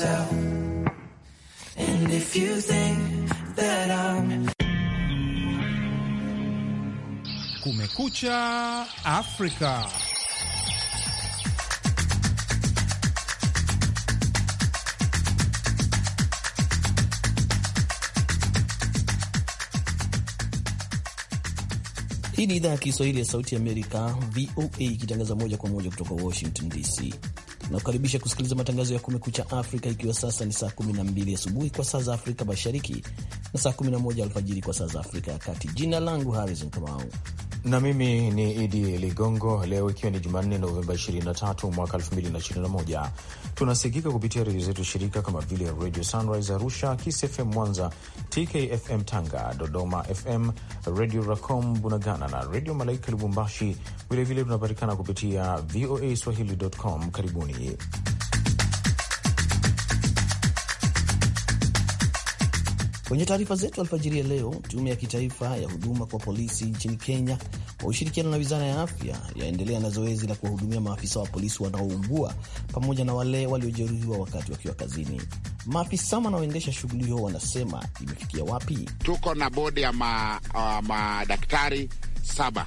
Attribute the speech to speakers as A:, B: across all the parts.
A: myself. And if you think that I'm
B: Kumekucha Afrika.
C: Hii ni idhaa ya Kiswahili ya Sauti ya Amerika, VOA, ikitangaza moja kwa moja kutoka Washington DC. Nakukaribisha kusikiliza matangazo ya Kumekucha Afrika, ikiwa sasa ni saa 12 asubuhi kwa saa za Afrika Mashariki na saa 11 alfajiri kwa saa za Afrika ya Kati. Jina langu Harrison Kamau, na mimi ni Idi Ligongo. Leo
D: ikiwa ni Jumanne, Novemba 23 mwaka 2021, tunasikika kupitia redio zetu shirika kama vile Radio Sunrise Arusha, FM Mwanza, TKFM Tanga, Dodoma FM, Redio Racom Bunagana na Redio Malaika Lubumbashi. Vilevile tunapatikana kupitia VOA Swahili.com. Karibuni.
C: Kwenye taarifa zetu alfajiri ya leo, tume ya kitaifa ya huduma kwa polisi nchini Kenya kwa ushirikiano na wizara ya afya yaendelea na zoezi la kuwahudumia maafisa wa polisi wanaoungua pamoja na wale waliojeruhiwa wakati wakiwa kazini. Maafisa wanaoendesha shughuli hiyo wanasema imefikia wapi?
E: Tuko na bodi ya uh, madaktari ma saba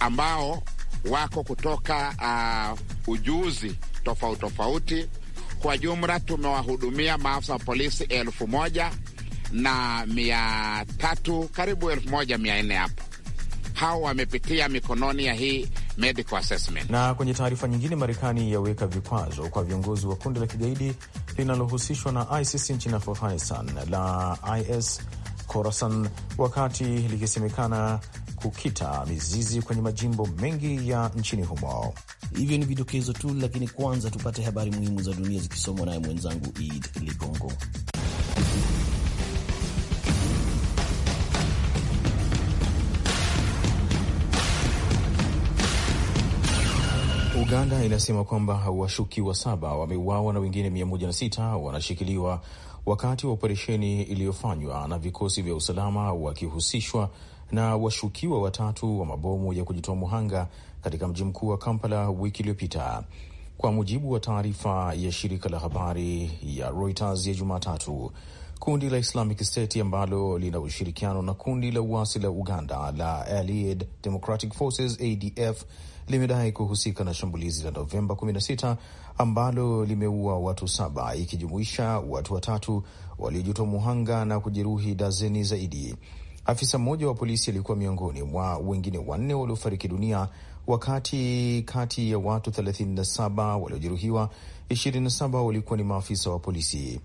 E: ambao wako kutoka uh, ujuzi tofauti tofauti. Kwa jumla tumewahudumia maafisa wa polisi elfu moja na mia tatu karibu elfu moja mia nne hapo hao wamepitia mikononi ya hii medical assessment.
D: Na kwenye taarifa nyingine, Marekani yaweka vikwazo kwa viongozi wa kundi la kigaidi linalohusishwa na ISIS nchini Afghanistan la IS Khorasan,
C: wakati likisemekana kukita mizizi kwenye majimbo mengi ya nchini humo. Hivyo ni vidokezo tu, lakini kwanza tupate habari muhimu za dunia zikisomwa naye mwenzangu Id Ligongo.
D: Uganda inasema kwamba washukiwa saba wameuawa na wengine 106 wanashikiliwa wakati wa operesheni iliyofanywa na vikosi vya usalama wakihusishwa na washukiwa watatu wa mabomu ya kujitoa muhanga katika mji mkuu wa Kampala wiki iliyopita. Kwa mujibu wa taarifa ya shirika la habari ya Reuters ya Jumatatu, kundi la Islamic State ambalo lina ushirikiano na kundi la uasi la Uganda la Allied Democratic Forces ADF limedai kuhusika na shambulizi la Novemba 16 ambalo limeua watu saba ikijumuisha watu watatu waliojitoa muhanga na kujeruhi dazeni zaidi. Afisa mmoja wa polisi alikuwa miongoni mwa wengine wanne waliofariki dunia wakati kati ya watu 37 waliojeruhiwa 27 walikuwa ni maafisa wa polisi.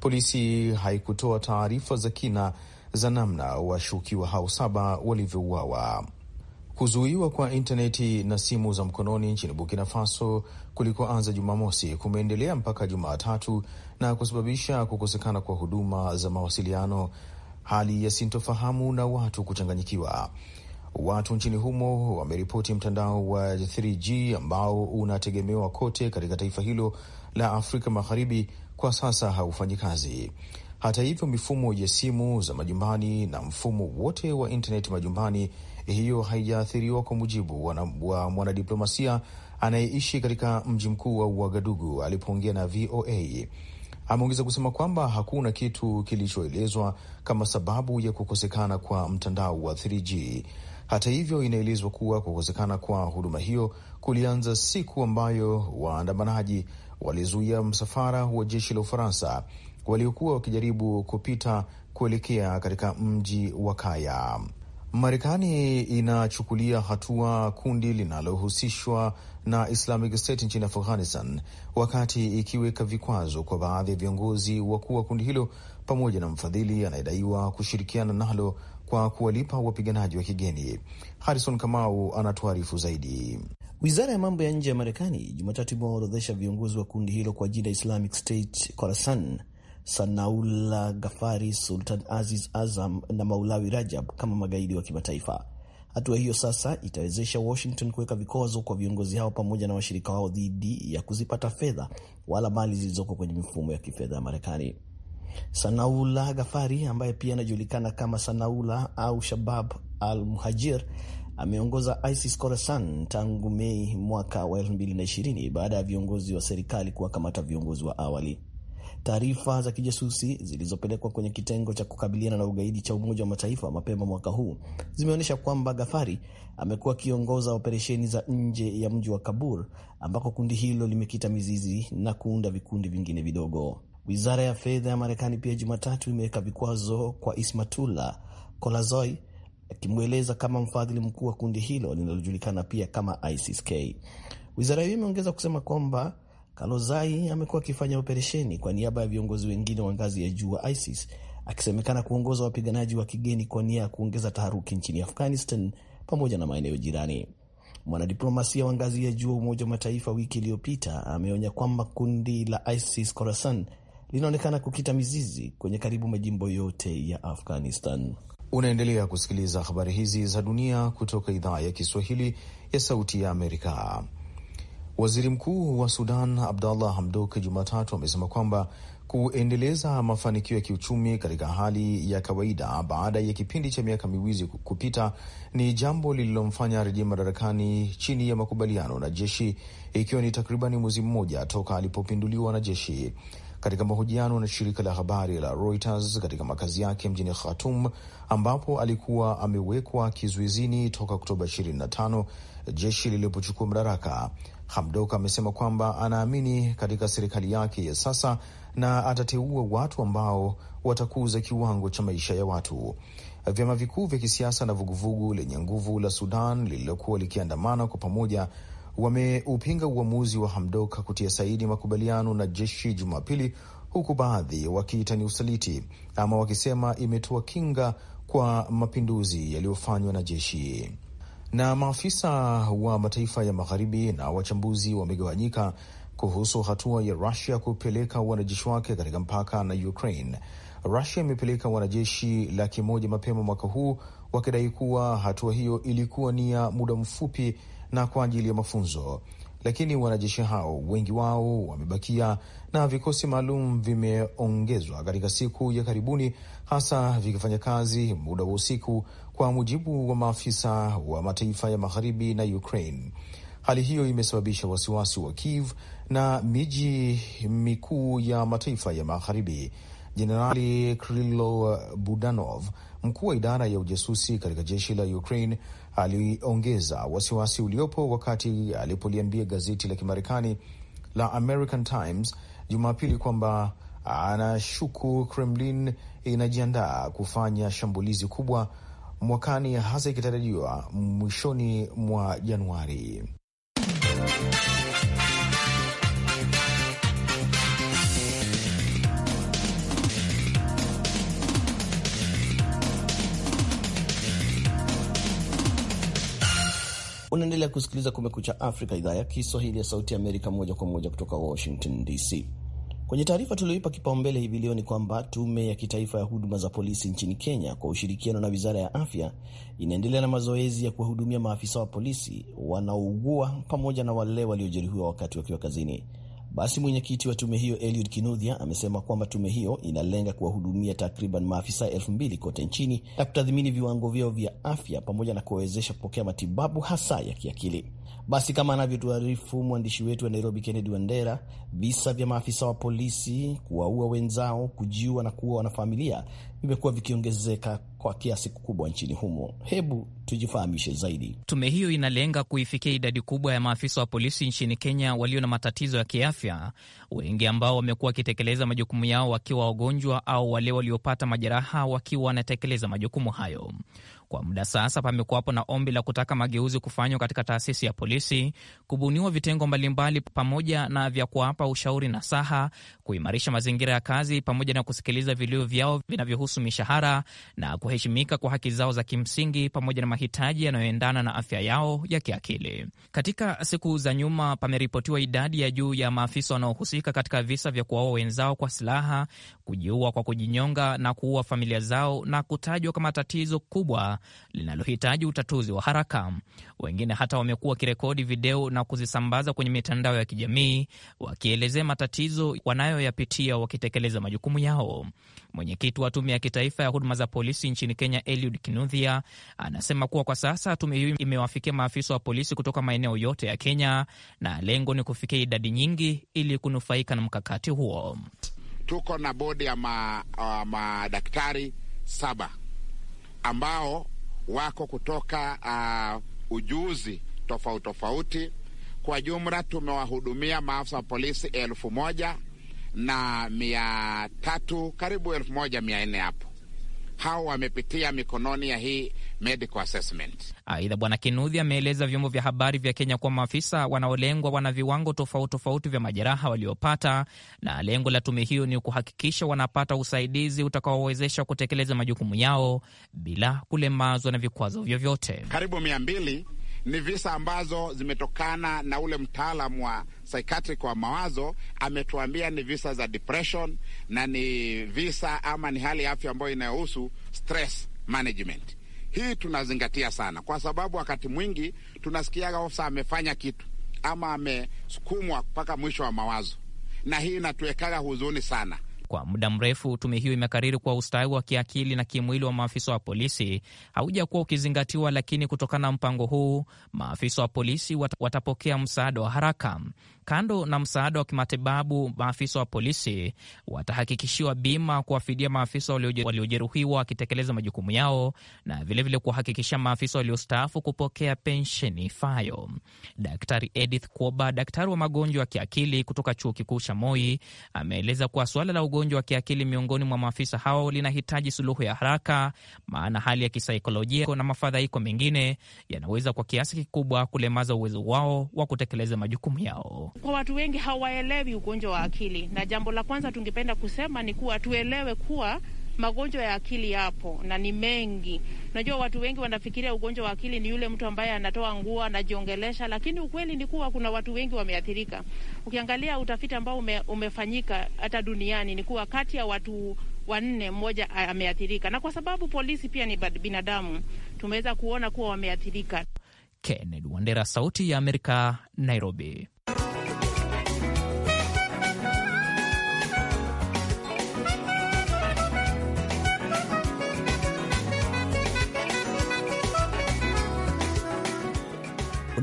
D: Polisi haikutoa taarifa za kina za namna washukiwa hao saba walivyouawa. Kuzuiwa kwa intaneti na simu za mkononi nchini Burkina Faso kulikoanza Jumamosi kumeendelea mpaka Jumatatu na kusababisha kukosekana kwa huduma za mawasiliano, hali ya sintofahamu na watu kuchanganyikiwa. Watu nchini humo wameripoti mtandao wa 3G ambao unategemewa kote katika taifa hilo la Afrika Magharibi kwa sasa haufanyi kazi. Hata hivyo, mifumo ya simu za majumbani na mfumo wote wa intaneti majumbani hiyo haijaathiriwa, kwa mujibu wa mwanadiplomasia anayeishi katika mji mkuu wa Uagadugu alipoongea na VOA. Ameongeza kusema kwamba hakuna kitu kilichoelezwa kama sababu ya kukosekana kwa mtandao wa 3G. Hata hivyo, inaelezwa kuwa kukosekana kwa huduma hiyo kulianza siku ambayo waandamanaji walizuia msafara wa jeshi la Ufaransa waliokuwa wakijaribu kupita kuelekea katika mji wa Kaya. Marekani inachukulia hatua kundi linalohusishwa na Islamic State nchini Afghanistan, wakati ikiweka vikwazo kwa baadhi ya viongozi wakuu wa kundi hilo pamoja na mfadhili anayedaiwa kushirikiana nalo
C: kwa kuwalipa wapiganaji wa kigeni. Harrison Kamau anatuarifu zaidi. Wizara ya mambo ya nje ya Marekani Jumatatu imewaorodhesha viongozi wa kundi hilo kwa jina Islamic State Khorasan Sanaullah Gafari, Sultan Aziz Azam na Maulawi Rajab kama magaidi wa kimataifa. Hatua hiyo sasa itawezesha Washington kuweka vikwazo kwa viongozi hao pamoja na washirika wao dhidi ya kuzipata fedha wala mali zilizoko kwenye mifumo ya kifedha ya Marekani. Sanaula Gafari ambaye pia anajulikana kama Sanaula au Shabab al Muhajir ameongoza ISIS Khorasan tangu Mei mwaka wa 2020 baada ya viongozi wa serikali kuwakamata viongozi wa awali. Taarifa za kijasusi zilizopelekwa kwenye kitengo cha kukabiliana na ugaidi cha Umoja wa Mataifa mapema mwaka huu zimeonyesha kwamba Gafari amekuwa akiongoza operesheni za nje ya mji wa Kabul ambako kundi hilo limekita mizizi na kuunda vikundi vingine vidogo. Wizara ya fedha ya Marekani pia Jumatatu imeweka vikwazo kwa ismatula Kolazoi, akimweleza kama mfadhili mkuu wa kundi hilo linalojulikana pia kama ISIS-K. Wizara hiyo imeongeza kusema kwamba Kalozai amekuwa akifanya operesheni kwa niaba ya viongozi wengine wa ngazi ya juu wa ISIS akisemekana kuongoza wapiganaji wa kigeni kwa nia ya kuongeza taharuki nchini Afghanistan pamoja na maeneo jirani. Mwanadiplomasia wa ngazi ya juu wa Umoja wa Mataifa wiki iliyopita ameonya kwamba kundi la ISIS Khorasan linaonekana kukita mizizi kwenye karibu majimbo yote ya Afghanistan.
D: Unaendelea kusikiliza habari hizi za dunia kutoka idhaa ya Kiswahili ya Sauti ya Amerika. Waziri Mkuu wa Sudan Abdallah Hamdok Jumatatu amesema kwamba kuendeleza mafanikio ya kiuchumi katika hali ya kawaida baada ya kipindi cha miaka miwili kupita ni jambo lililomfanya rejea madarakani chini ya makubaliano na jeshi, ikiwa ni takribani mwezi mmoja toka alipopinduliwa na jeshi. Katika mahojiano na shirika la habari la Reuters katika makazi yake mjini Khartoum, ambapo alikuwa amewekwa kizuizini toka Oktoba 25 jeshi lilipochukua madaraka, Hamdok amesema kwamba anaamini katika serikali yake ya sasa na atateua watu ambao watakuza kiwango cha maisha ya watu. Vyama vikuu vya kisiasa na vuguvugu lenye nguvu la Sudan lililokuwa likiandamana kwa pamoja wameupinga uamuzi wa Hamdok kutia saini makubaliano na jeshi Jumapili, huku baadhi wakiita ni usaliti ama wakisema imetoa kinga kwa mapinduzi yaliyofanywa na jeshi. Na maafisa wa mataifa ya magharibi na wachambuzi wamegawanyika kuhusu hatua ya Rusia kupeleka wanajeshi wake katika mpaka na Ukraine. Rusia imepeleka wanajeshi laki moja mapema mwaka huu wakidai kuwa hatua hiyo ilikuwa ni ya muda mfupi na kwa ajili ya mafunzo, lakini wanajeshi hao wengi wao wamebakia na vikosi maalum vimeongezwa katika siku ya karibuni, hasa vikifanya kazi muda wa usiku kwa mujibu wa maafisa wa mataifa ya magharibi na Ukraine. Hali hiyo imesababisha wasiwasi wa Kiev na miji mikuu ya mataifa ya magharibi. Jenerali Krilo Budanov, mkuu wa idara ya ujasusi katika jeshi la Ukraine, aliongeza wasiwasi uliopo wakati alipoliambia gazeti la Kimarekani la American Times Jumapili kwamba anashuku Kremlin inajiandaa kufanya shambulizi kubwa mwakani, hasa ikitarajiwa mwishoni mwa Januari.
C: Unaendelea kusikiliza Kumekucha Afrika, idhaa ya Kiswahili ya Sauti ya Amerika, moja kwa moja kutoka Washington DC. Kwenye taarifa tulioipa kipaumbele hivi leo ni kwamba tume ya kitaifa ya huduma za polisi nchini Kenya kwa ushirikiano na wizara ya afya inaendelea na mazoezi ya kuwahudumia maafisa wa polisi wanaougua pamoja na wale waliojeruhiwa wakati wakiwa kazini. Basi mwenyekiti wa tume hiyo Eliud Kinudhia amesema kwamba tume hiyo inalenga kuwahudumia takriban maafisa elfu mbili kote nchini na kutathmini viwango vyao vya afya pamoja na kuwawezesha kupokea matibabu hasa ya kiakili. Basi kama anavyotuarifu mwandishi wetu wa Nairobi, Kennedy Wandera, visa vya maafisa wa polisi kuwaua wenzao, kujiua na kuua wanafamilia vimekuwa vikiongezeka kwa kiasi kikubwa nchini humo. Hebu tujifahamishe zaidi.
B: Tume hiyo inalenga kuifikia idadi kubwa ya maafisa wa polisi nchini Kenya walio na matatizo ya kiafya, wengi ambao wamekuwa wakitekeleza majukumu yao wakiwa wagonjwa au wale waliopata majeraha wakiwa wanatekeleza majukumu hayo. Kwa muda sasa, pamekuwapo na ombi la kutaka mageuzi kufanywa katika taasisi ya polisi, kubuniwa vitengo mbalimbali pamoja na vya kuwapa ushauri na saha, kuimarisha mazingira ya kazi pamoja na kusikiliza vilio vyao vinavyohusu mishahara na kuheshimika kwa haki zao za kimsingi pamoja na mahitaji yanayoendana na afya yao ya kiakili. Katika siku za nyuma, pameripotiwa idadi ya juu ya maafisa wanaohusika katika visa vya kuwaua wenzao kwa silaha, kujiua kwa kujinyonga na kuua familia zao na kutajwa kama tatizo kubwa linalohitaji utatuzi wa haraka. Wengine hata wamekuwa wakirekodi video na kuzisambaza kwenye mitandao ya kijamii wakielezea matatizo wanayoyapitia wakitekeleza majukumu yao. Mwenyekiti wa Tume ya Kitaifa ya Huduma za Polisi nchini Kenya, Eliud Kinuthia, anasema kuwa kwa sasa tume hiyo imewafikia maafisa wa polisi kutoka maeneo yote ya Kenya na lengo ni kufikia idadi nyingi ili kunufaika na mkakati huo.
E: Tuko na bodi ya uh, madaktari ma saba ambao wako kutoka uh, ujuzi tofauti tofauti. Kwa jumla tumewahudumia maafisa wa polisi elfu moja na mia tatu karibu elfu moja mia nne hapo hao wamepitia mikononi ya hii medical assessment.
B: Aidha, Bwana Kinuthi ameeleza vyombo vya habari vya Kenya kuwa maafisa wanaolengwa wana viwango tofauti tofauti vya majeraha waliopata, na lengo la tume hiyo ni kuhakikisha wanapata usaidizi utakaowezesha kutekeleza majukumu yao bila kulemazwa na vikwazo vyovyote.
E: Karibu mia mbili ni visa ambazo zimetokana na ule mtaalam wa psychiatric wa mawazo ametuambia ni visa za depression na ni visa ama ni hali ya afya ambayo inayohusu stress management. Hii tunazingatia sana, kwa sababu wakati mwingi tunasikiaga ofisa amefanya kitu ama amesukumwa mpaka mwisho wa mawazo, na hii inatuwekaga huzuni sana.
B: Kwa muda mrefu tume hiyo imekariri kuwa ustawi wa kiakili na kimwili wa maafisa wa polisi haujakuwa ukizingatiwa, lakini kutokana na mpango huu maafisa wa polisi watapokea msaada wa haraka. Kando na msaada wa kimatibabu, maafisa wa polisi watahakikishiwa bima kuwafidia maafisa waliojeruhiwa wakitekeleza majukumu yao na vilevile kuwahakikisha maafisa waliostaafu kupokea pensheni fayo. Daktari Edith Kuoba, daktari wa magonjwa ya kiakili kutoka chuo kikuu cha Moi, ameeleza kuwa suala la ugonjwa wa kiakili miongoni mwa maafisa hao linahitaji suluhu ya haraka, maana hali ya kisaikolojia na mafadhaiko mengine yanaweza kwa kiasi kikubwa kulemaza uwezo wao wa kutekeleza majukumu yao kwa watu wengi hawaelewi ugonjwa wa akili, na jambo la kwanza tungependa kusema ni kuwa tuelewe kuwa magonjwa ya akili yapo na ni mengi. Unajua, watu wengi wanafikiria ugonjwa wa akili ni yule mtu ambaye anatoa nguo anajiongelesha, lakini ukweli ni kuwa kuna watu wengi wameathirika. Ukiangalia utafiti ambao ume, umefanyika hata duniani ni kuwa kati ya watu wanne mmoja ameathirika, na kwa sababu polisi pia ni binadamu, tumeweza kuona kuwa wameathirika. Kennedy Wandera, Sauti ya Amerika, Nairobi.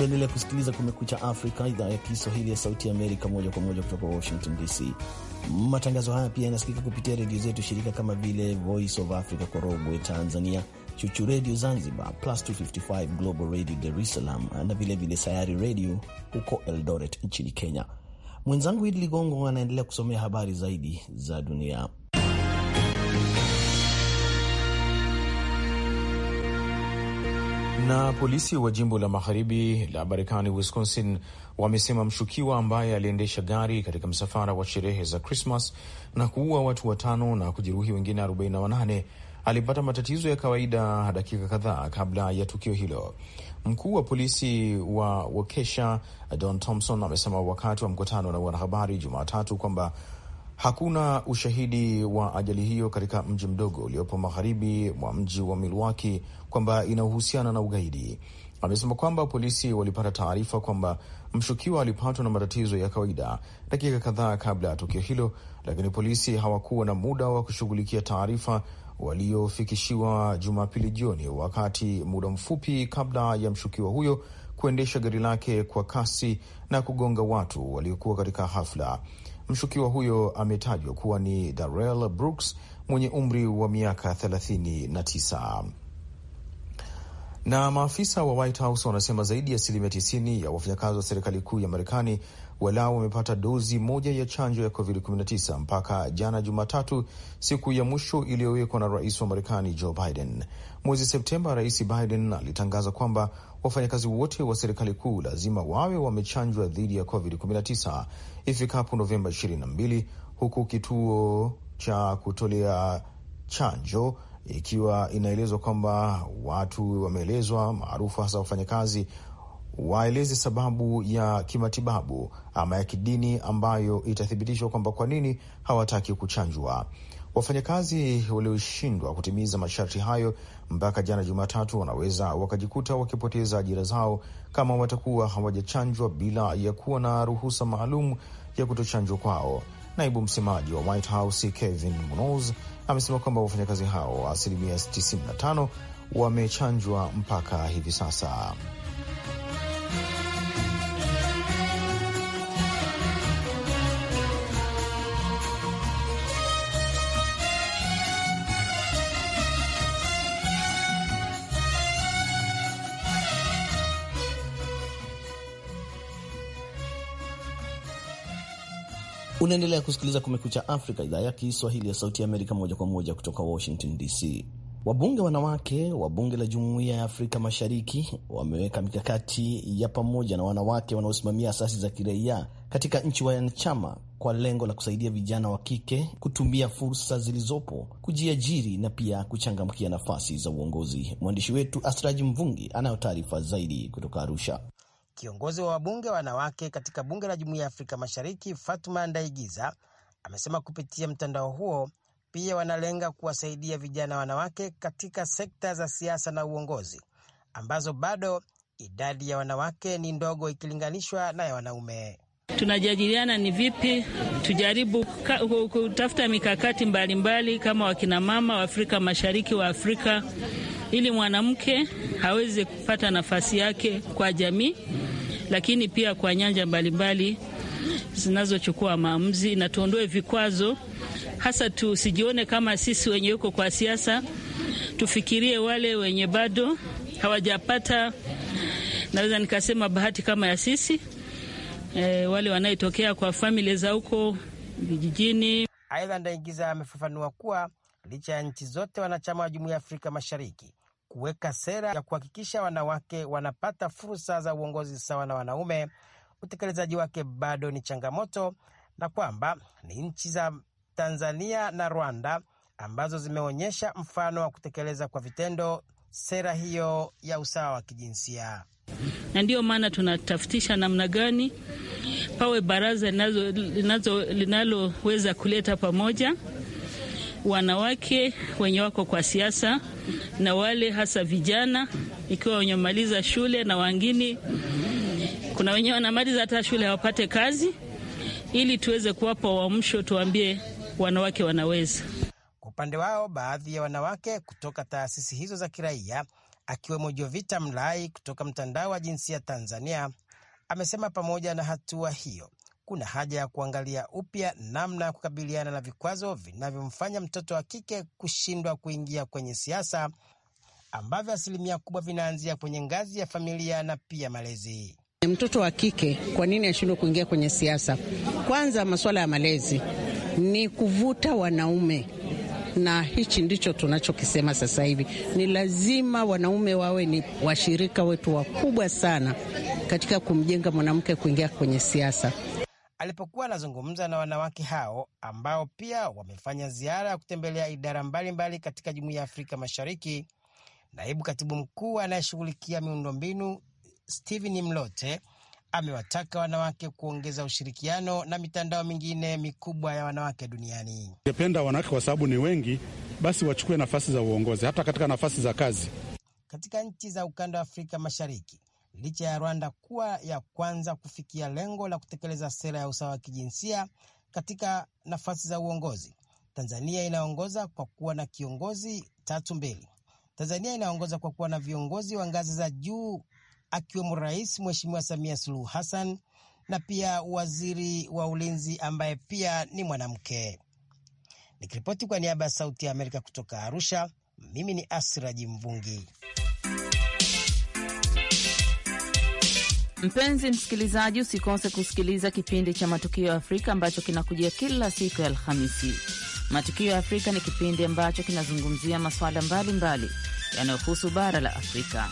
C: Unaendelea kusikiliza Kumekucha Afrika, idhaa ya Kiswahili ya Sauti Amerika, moja kwa moja kutoka Washington DC. Matangazo haya pia yanasikika kupitia redio zetu shirika kama vile Voice of Africa Korogwe Tanzania, Chuchu Redio Zanzibar, Plus 255 Global Radio Dar es Salaam na vilevile Sayari Redio huko Eldoret nchini Kenya. Mwenzangu Idi Ligongo anaendelea kusomea habari zaidi za dunia.
D: Na polisi wa jimbo la magharibi la Marekani, Wisconsin, wamesema mshukiwa ambaye aliendesha gari katika msafara wa sherehe za Krismas na kuua watu watano na kujeruhi wengine 48 alipata matatizo ya kawaida dakika kadhaa kabla ya tukio hilo. Mkuu wa polisi wa Wakesha Don Thompson amesema wakati wa mkutano na wanahabari Jumatatu kwamba Hakuna ushahidi wa ajali hiyo katika mji mdogo uliopo magharibi mwa mji wa Milwaukee kwamba inahusiana na ugaidi. Amesema kwamba polisi walipata taarifa kwamba mshukiwa alipatwa na matatizo ya kawaida dakika kadhaa kabla ya tukio hilo, lakini polisi hawakuwa na muda wa kushughulikia taarifa waliofikishiwa Jumapili jioni, wakati muda mfupi kabla ya mshukiwa huyo kuendesha gari lake kwa kasi na kugonga watu waliokuwa katika hafla. Mshukiwa huyo ametajwa kuwa ni Darrell Brooks mwenye umri wa miaka 39. Na maafisa wa White House wanasema zaidi ya asilimia 90 ya wafanyakazi wa serikali kuu ya Marekani walau wamepata dozi moja ya chanjo ya COVID-19 mpaka jana Jumatatu, siku ya mwisho iliyowekwa na rais wa Marekani Joe Biden. Mwezi Septemba, Rais Biden alitangaza kwamba wafanyakazi wote wa serikali kuu lazima wawe wamechanjwa dhidi ya COVID-19 ifikapo Novemba 22, huku kituo cha kutolea chanjo ikiwa inaelezwa kwamba watu wameelezwa maarufu hasa wafanyakazi waeleze sababu ya kimatibabu ama ya kidini ambayo itathibitishwa kwamba kwa nini hawataki kuchanjwa. Wafanyakazi walioshindwa kutimiza masharti hayo mpaka jana Jumatatu wanaweza wakajikuta wakipoteza ajira zao kama watakuwa hawajachanjwa bila ya kuwa na ruhusa maalum ya kutochanjwa kwao. Naibu msemaji wa White House Kevin Mnuchin amesema kwamba wafanyakazi hao asilimia 95 wamechanjwa mpaka hivi sasa.
C: Unaendelea kusikiliza Kumekucha Afrika, idhaa ya Kiswahili ya Sauti ya Amerika, moja kwa moja kutoka Washington DC. Wabunge wanawake wa bunge la Jumuiya ya Afrika Mashariki wameweka mikakati ya pamoja na wanawake wanaosimamia asasi za kiraia katika nchi wanachama kwa lengo la kusaidia vijana wa kike kutumia fursa zilizopo kujiajiri na pia kuchangamkia nafasi za uongozi. Mwandishi wetu Asraji Mvungi anayo taarifa zaidi kutoka Arusha.
F: Kiongozi wa wabunge wanawake katika bunge la Jumuiya ya Afrika Mashariki Fatuma Ndaigiza amesema kupitia mtandao huo pia wanalenga kuwasaidia vijana wanawake katika sekta za siasa na uongozi ambazo bado idadi ya wanawake ni ndogo ikilinganishwa na ya wanaume.
G: Tunajadiliana ni vipi tujaribu kutafuta mikakati mbalimbali mbali, kama wakinamama wa Afrika Mashariki wa Afrika ili mwanamke aweze kupata nafasi yake kwa jamii, lakini pia kwa nyanja mbalimbali zinazochukua maamuzi na tuondoe vikwazo hasa, tusijione kama sisi wenye uko kwa siasa, tufikirie wale wenye bado hawajapata, naweza nikasema bahati kama ya sisi e, wale wanaetokea kwa famili za huko vijijini. Aidha,
F: Ndaingiza amefafanua kuwa licha ya nchi zote wanachama wa Jumuiya ya Afrika Mashariki kuweka sera ya kuhakikisha wanawake wanapata fursa za uongozi sawa na wanaume, utekelezaji wake bado ni changamoto na kwamba ni nchi za Tanzania na Rwanda ambazo zimeonyesha mfano wa kutekeleza kwa vitendo sera hiyo ya usawa wa kijinsia.
G: Na ndiyo maana tunatafutisha namna gani pawe baraza linaloweza kuleta pamoja wanawake wenye wako kwa siasa na wale hasa vijana, ikiwa wenye maliza shule na wangini kuna wenye wanamaliza hata shule hawapate kazi, ili tuweze kuwapa uamsho, tuambie wanawake wanaweza.
F: Kwa upande wao, baadhi ya wanawake kutoka taasisi hizo za kiraia akiwemo Jovita Mlai kutoka mtandao wa jinsia Tanzania amesema pamoja na hatua hiyo kuna haja ya kuangalia upya namna ya kukabiliana na vikwazo vinavyomfanya mtoto wa kike kushindwa kuingia kwenye siasa ambavyo asilimia kubwa vinaanzia kwenye ngazi ya familia na pia malezi. Mtoto wa kike kwa nini ashindwa kuingia kwenye siasa? Kwanza, masuala ya malezi ni kuvuta wanaume na hichi ndicho tunachokisema sasa hivi. Ni lazima wanaume wawe ni washirika wetu wakubwa sana katika kumjenga mwanamke kuingia kwenye siasa. Alipokuwa anazungumza na wanawake hao ambao pia wamefanya ziara ya kutembelea idara mbalimbali mbali katika jumuiya ya Afrika Mashariki, naibu katibu mkuu anayeshughulikia miundombinu Steven Mlote amewataka wanawake kuongeza ushirikiano na mitandao mingine mikubwa ya wanawake duniani.
E: Ningependa wanawake kwa sababu ni wengi, basi wachukue nafasi za uongozi hata katika nafasi za kazi
F: katika nchi za ukanda wa Afrika Mashariki. Licha ya Rwanda kuwa ya kwanza kufikia lengo la kutekeleza sera ya usawa wa kijinsia katika nafasi za uongozi, Tanzania inaongoza kwa kuwa na kiongozi tatu mbili. Tanzania inaongoza kwa kuwa na viongozi wa ngazi za juu akiwemo Rais Mheshimiwa Samia Suluhu Hassan na pia waziri wa ulinzi ambaye pia ni mwanamke. Nikiripoti kwa niaba ya Sauti ya Amerika kutoka Arusha, mimi ni Asiraji Mvungi.
G: Mpenzi msikilizaji, usikose kusikiliza kipindi cha Matukio ya Afrika ambacho kinakujia kila siku ya Alhamisi. Matukio ya Afrika ni kipindi ambacho kinazungumzia masuala mbalimbali yanayohusu bara la Afrika.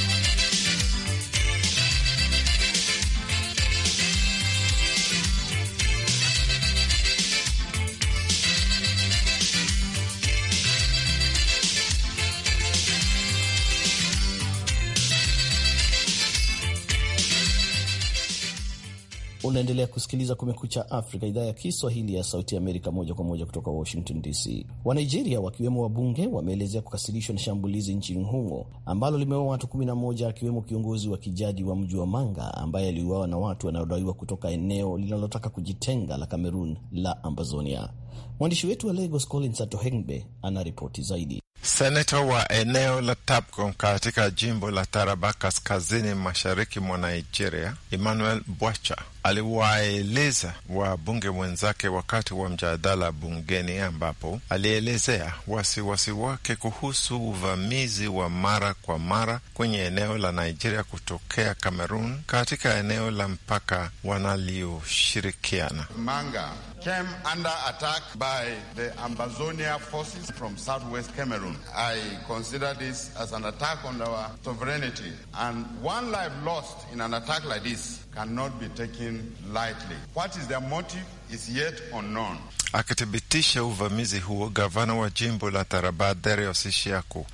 C: Unaendelea kusikiliza Kumekucha Afrika, idhaa ya Kiswahili ya Sauti Amerika, moja kwa moja kutoka Washington DC. Wanigeria wakiwemo wabunge wameelezea kukasirishwa na shambulizi nchini humo ambalo limeua watu 11 akiwemo kiongozi wa kijadi wa mji wa Manga ambaye aliuawa na watu wanaodaiwa kutoka eneo linalotaka kujitenga la Kamerun la Ambazonia. Mwandishi wetu wa Lagos Collins Atohengbe anaripoti zaidi.
A: Seneta wa eneo la Tabcon katika jimbo la Taraba kaskazini mashariki mwa Nigeria, Emmanuel Bwacha aliwaeleza wabunge wenzake wakati wa mjadala bungeni, ambapo alielezea wasiwasi wake kuhusu uvamizi wa mara kwa mara kwenye eneo la Nigeria kutokea Cameroon katika eneo la mpaka wanalioshirikiana
E: came under attack by the Ambazonia forces from southwest Cameroon. I consider this as an attack on our sovereignty, and one life lost in an attack like this cannot be taken lightly. What is their motive? is yet unknown.
A: Akithibitisha uvamizi huo, gavana wa jimbo la Taraba Darius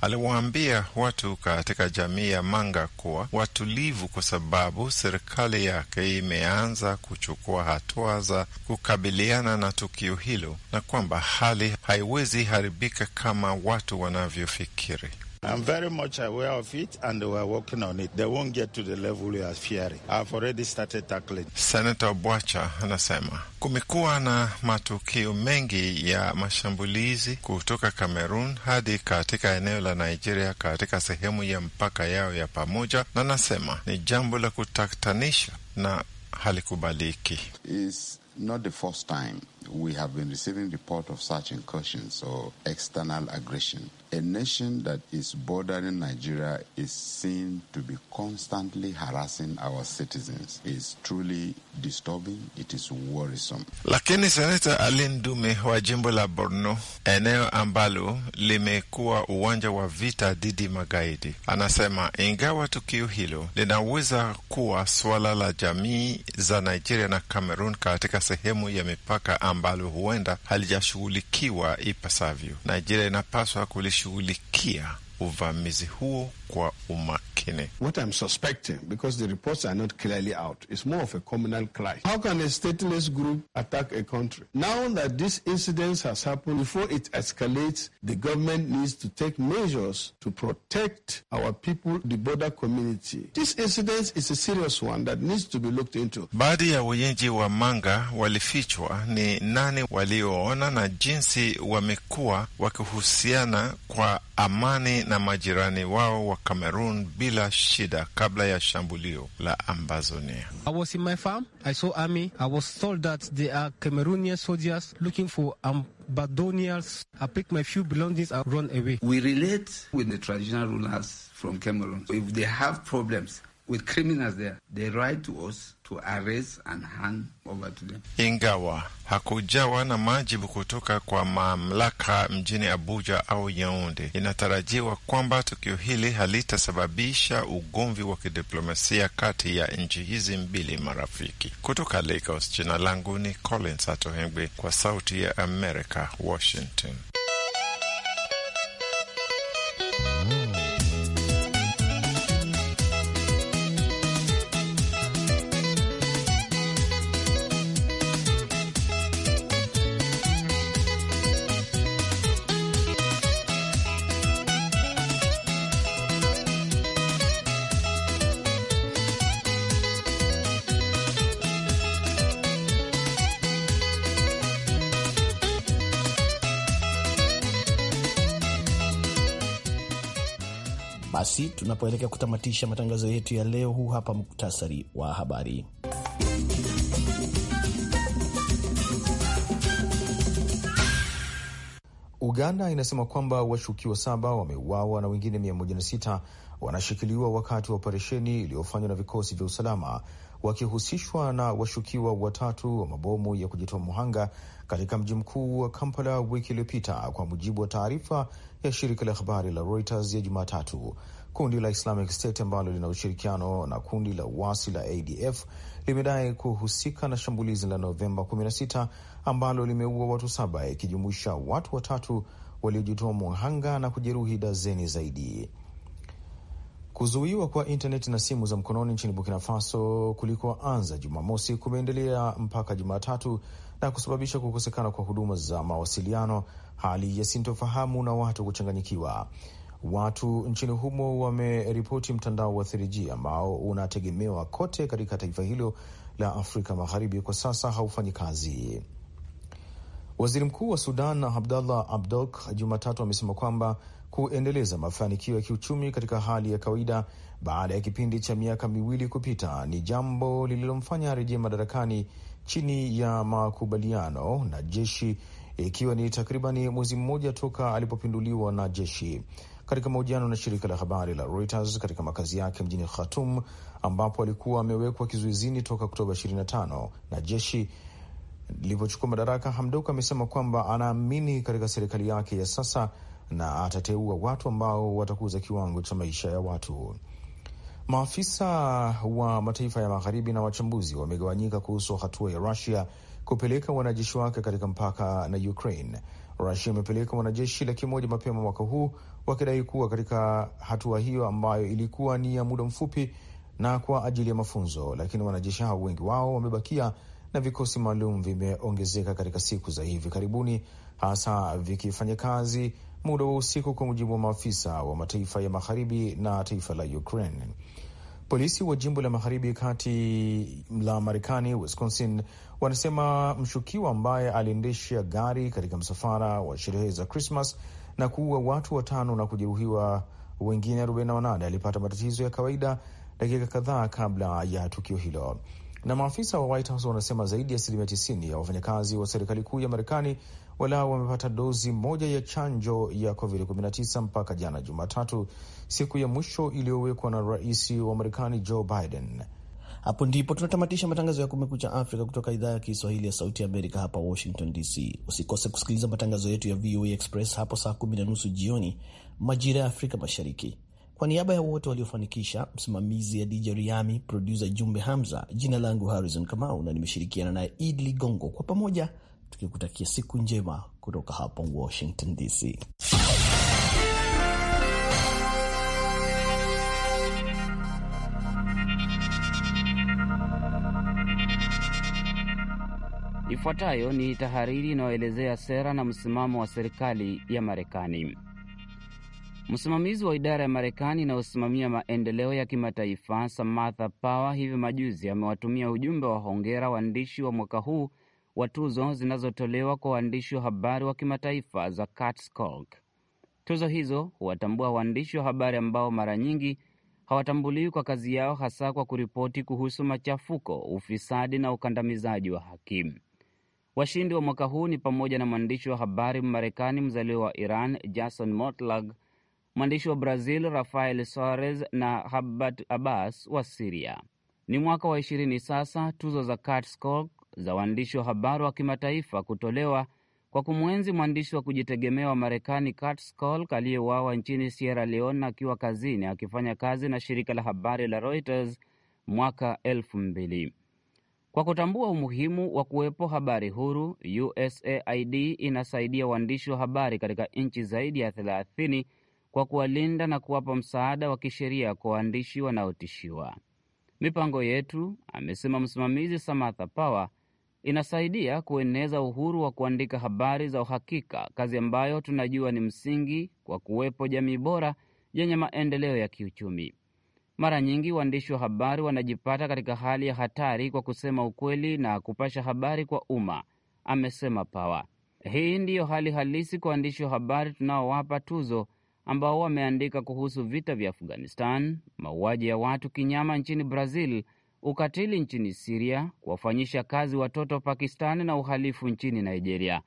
A: aliwaambia watu katika jamii ya Manga kuwa watulivu, kwa sababu serikali yake imeanza kuchukua hatua za kukabiliana na tukio hilo na kwamba hali haiwezi haribika kama watu wanavyofikiri. I'm very much aware of it and we are working on it. They won't get to the level we are fearing. I've already started tackling. Senator Bwacha anasema kumekuwa na matukio mengi ya mashambulizi kutoka Cameroon hadi katika eneo la Nigeria katika sehemu ya mpaka yao ya pamoja, na anasema ni jambo la kutatanisha na halikubaliki. Is not
E: the first time we have been receiving report of such incursions or external aggression a nation that is bordering Nigeria is seen to be constantly harassing our citizens is truly disturbing. It is worrisome.
A: Lakini Senator Alin Dume wa jimbo la Borno, eneo ambalo limekuwa uwanja wa vita dhidi magaidi, anasema ingawa tukio hilo linaweza kuwa suala la jamii za Nigeria na Cameroon katika sehemu ya mipaka ambalo huenda halijashughulikiwa ipasavyo, Nigeria inapaswa kulisha kushughulikia uvamizi huo kwa umakini. What I'm suspecting because the reports are not clearly out is more of a communal cry. How can a stateless group attack a country? Now that this incident has happened, before it escalates, the government needs to take measures to protect our people, the border community. This incident is a serious one that needs to be looked into. Baadhi ya wenyeji wa Manga walifichwa ni nani walioona na jinsi wamekuwa wakihusiana kwa amani na majirani wao wa Cameroon bila shida kabla ya shambulio la Ambazonia.
D: I was in my farm, I saw army. I was told that they are Cameroonian soldiers looking for Ambazonians. I picked my few belongings and
E: run away. We relate with the traditional rulers from Cameroon. If they have problems, with criminals there. They write to to arrest and hand over to them.
A: Ingawa hakujawa na majibu kutoka kwa mamlaka mjini Abuja au Yaunde, inatarajiwa kwamba tukio hili halitasababisha ugomvi wa kidiplomasia kati ya nchi hizi mbili marafiki. Kutoka Lagos, jina langu ni Collins Atohengwi, kwa Sauti ya America, Washington.
C: basi, tunapoelekea kutamatisha matangazo yetu ya leo, huu hapa muktasari wa habari. Uganda inasema kwamba
D: washukiwa saba wameuawa na wengine 106 wanashikiliwa wakati wa operesheni iliyofanywa na vikosi vya usalama wakihusishwa na washukiwa watatu wa mabomu ya kujitoa muhanga katika mji mkuu wa Kampala wiki iliyopita, kwa mujibu wa taarifa ya shirika la habari la Reuters ya Jumatatu. Kundi la Islamic State ambalo lina ushirikiano na kundi la uasi la ADF limedai kuhusika na shambulizi la Novemba 16 ambalo limeua watu saba ikijumuisha watu watatu waliojitoa muhanga na kujeruhi dazeni zaidi. Kuzuiwa kwa intaneti na simu za mkononi nchini Burkina Faso kulikoanza Jumamosi kumeendelea mpaka Jumatatu na kusababisha kukosekana kwa huduma za mawasiliano, hali ya sintofahamu na watu kuchanganyikiwa. Watu nchini humo wameripoti mtandao wa 3G ambao unategemewa kote katika taifa hilo la Afrika Magharibi kwa sasa haufanyi kazi. Waziri Mkuu wa Sudan Abdallah Abdok Jumatatu amesema kwamba kuendeleza mafanikio ya kiuchumi katika hali ya kawaida baada ya kipindi cha miaka miwili kupita ni jambo lililomfanya arejee madarakani chini ya makubaliano na jeshi, ikiwa ni takribani mwezi mmoja toka alipopinduliwa na jeshi katika mahojiano na shirika la habari la Reuters katika makazi yake mjini Khartoum, ambapo alikuwa amewekwa kizuizini toka Oktoba 25 na jeshi lilivyochukua madaraka. Hamdok amesema kwamba anaamini katika serikali yake ya sasa na atateua watu ambao watakuza kiwango cha maisha ya watu. Maafisa wa mataifa ya magharibi na wachambuzi wamegawanyika kuhusu hatua ya Rusia kupeleka wanajeshi wake katika mpaka na Ukraine. Rusia imepeleka wanajeshi laki moja mapema mwaka huu wakidai kuwa katika hatua hiyo ambayo ilikuwa ni ya muda mfupi na kwa ajili ya mafunzo, lakini wanajeshi hao wengi wao wamebakia na vikosi maalum vimeongezeka katika siku za hivi karibuni, hasa vikifanya kazi muda wa usiku, kwa mujibu wa maafisa wa mataifa ya magharibi na taifa la Ukraine. Polisi wa jimbo la magharibi kati la Marekani, Wisconsin, wanasema mshukiwa ambaye aliendesha gari katika msafara wa sherehe za Krismas na kuua watu watano na kujeruhiwa wengine 48. Alipata matatizo ya kawaida dakika kadhaa kabla ya tukio hilo. Na maafisa wa White House wanasema zaidi ya asilimia 90 ya wafanyakazi wa serikali kuu ya Marekani walao wamepata dozi moja ya chanjo ya COVID-19 mpaka jana Jumatatu, siku ya mwisho iliyowekwa na rais wa Marekani
C: Joe Biden. Hapo ndipo tunatamatisha matangazo ya Kumekucha Afrika kutoka idhaa ya Kiswahili ya Sauti Amerika hapa Washington DC. Usikose kusikiliza matangazo yetu ya VOA Express hapo saa kumi na nusu jioni majira ya Afrika Mashariki. Kwa niaba ya wote waliofanikisha, msimamizi ya DJ Riami, produsa Jumbe Hamza, jina langu Harrison Kamau na nimeshirikiana naye ed Ligongo, kwa pamoja tukikutakia siku njema kutoka hapa Washington DC.
H: Ifuatayo ni tahariri inayoelezea sera na msimamo wa serikali ya Marekani. Msimamizi wa idara ya Marekani inayosimamia maendeleo ya kimataifa Samantha Power hivi majuzi amewatumia ujumbe wa hongera waandishi wa mwaka huu wa tuzo zinazotolewa kwa waandishi wa habari wa kimataifa za katz Tuzo hizo huwatambua waandishi wa habari ambao mara nyingi hawatambuliwi kwa kazi yao, hasa kwa kuripoti kuhusu machafuko, ufisadi na ukandamizaji wa hakimu. Washindi wa mwaka huu ni pamoja na mwandishi wa habari Mmarekani mzaliwa wa Iran Jason Motlag, mwandishi wa Brazil Rafael Soares na Habat Abbas wa Siria. Ni mwaka wa ishirini sasa tuzo za Katskog za waandishi wa habari wa kimataifa kutolewa kwa kumwenzi mwandishi wa kujitegemea wa Marekani Kurt aliyewawa aliyeuawa nchini Sierra Leone akiwa kazini akifanya kazi na shirika la habari la Reuters mwaka elfu mbili. Kwa kutambua umuhimu wa kuwepo habari huru, USAID inasaidia waandishi wa habari katika nchi zaidi ya thelathini kwa kuwalinda na kuwapa msaada wa kisheria kwa waandishi wanaotishiwa. Mipango yetu, amesema msimamizi Samantha Power, inasaidia kueneza uhuru wa kuandika habari za uhakika, kazi ambayo tunajua ni msingi kwa kuwepo jamii bora yenye maendeleo ya kiuchumi. Mara nyingi waandishi wa habari wanajipata katika hali ya hatari kwa kusema ukweli na kupasha habari kwa umma, amesema Pawa. Hii ndiyo hali halisi kwa waandishi wa habari tunaowapa tuzo ambao wameandika kuhusu vita vya Afghanistan, mauaji ya watu kinyama nchini Brazil, ukatili nchini Siria, kuwafanyisha kazi watoto Pakistani na uhalifu nchini Nigeria.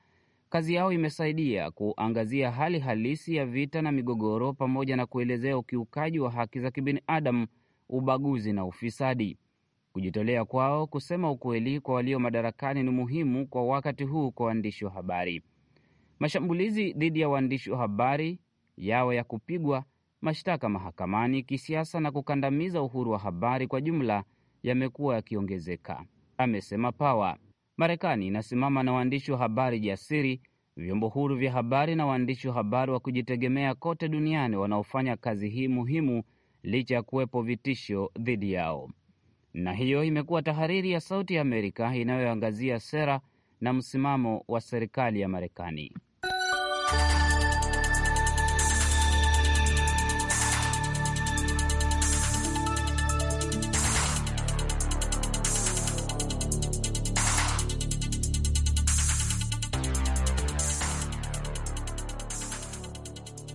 H: Kazi yao imesaidia kuangazia hali halisi ya vita na migogoro pamoja na kuelezea ukiukaji wa haki za kibinadamu, ubaguzi na ufisadi. Kujitolea kwao kusema ukweli kwa walio madarakani ni muhimu kwa wakati huu kwa waandishi wa habari. Mashambulizi dhidi ya waandishi wa habari yawe ya kupigwa mashtaka mahakamani, kisiasa na kukandamiza uhuru wa habari kwa jumla yamekuwa yakiongezeka, amesema Pawa. Marekani inasimama na waandishi wa habari jasiri, vyombo huru vya habari na waandishi wa habari wa kujitegemea kote duniani wanaofanya kazi hii muhimu licha ya kuwepo vitisho dhidi yao. Na hiyo imekuwa tahariri ya Sauti ya Amerika inayoangazia sera na msimamo wa serikali ya Marekani.